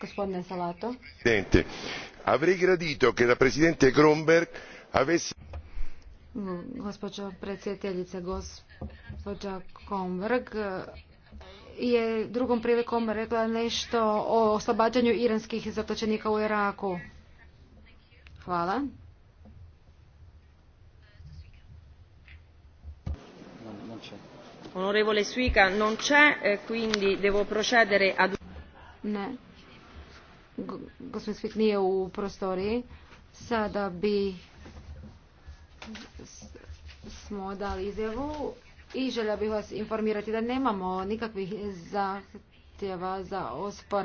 Gospodine Salato. avrei gradito che la Presidente kronberg avesse... Gospođo predsjedateljice, gospođa Komberg je drugom prilikom rekla nešto o oslobađanju iranskih zatočenika u Iraku. Hvala. Onorevole Suica non c'è, eh, quindi devo procedere ad... Gospodin nije u prostoriji. Sada bi smo dali izjavu i želja bih vas informirati da nemamo nikakvih zahtjeva za ospora.